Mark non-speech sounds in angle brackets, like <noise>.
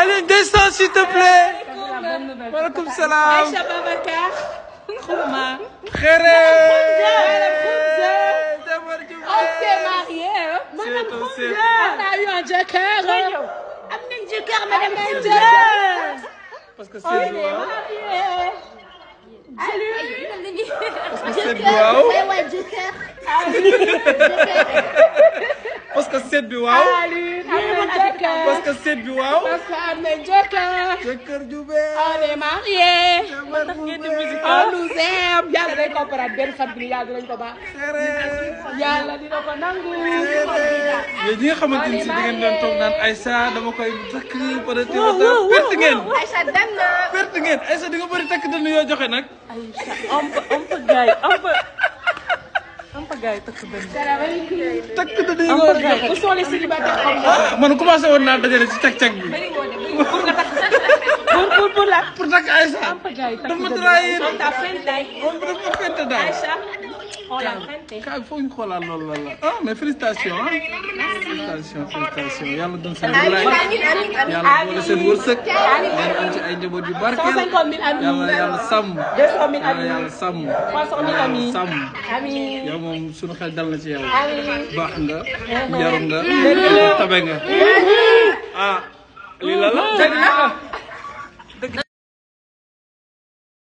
Aline descends s'il te plaît. maaleykum salaam. Aïcha Babacar. Xuma. Xéré. jabar ju On s'est marié. Madame Khoudia. On a eu un jëkkër. am nañ jëkkër madame Khoudia. parce que c'est du waaw. parce que c'est du waaw. <laughs> parce que c'est du waaw. parce que sët bi waaw. parce que am na jëkkër. jëkkër ju bees. on est mariés. on nous aime. yàlla dañ ko baral bi yàlla xamante ni si da ngeen doon toog naan Aïssa dama koy takk peut être perte ngeen. Aïssa dem na. perte ngeen Aïssa di nga bëri takk dana yoo joxe nag. Aïssa on peut on peut gars on peut. gars yi takk benn. takk dañuy woo am gars yi bu soolee célibataire ah, ah man commencé woon naa dajale ci cag cag bi. pour nga takk pour pour pour la. pour takk Aïcha. am fa gars yi takk benn dafa ma trahir. on t'a fente daal. t'a fente kaay foo ñu xoolaat loolu la la ah mais félicitations ah. félicitations félicitations yàlla doon seen wërsëg yàlla doon seen wërsëg ngeen am ci ay njaboot yu barkeel yàlla euh, yàlla sàmm yàlla yàlla sàmm yàlla sàmm yow moom sunu xel dal na ci yow baax nga yaru nga tabe nga ah lii la la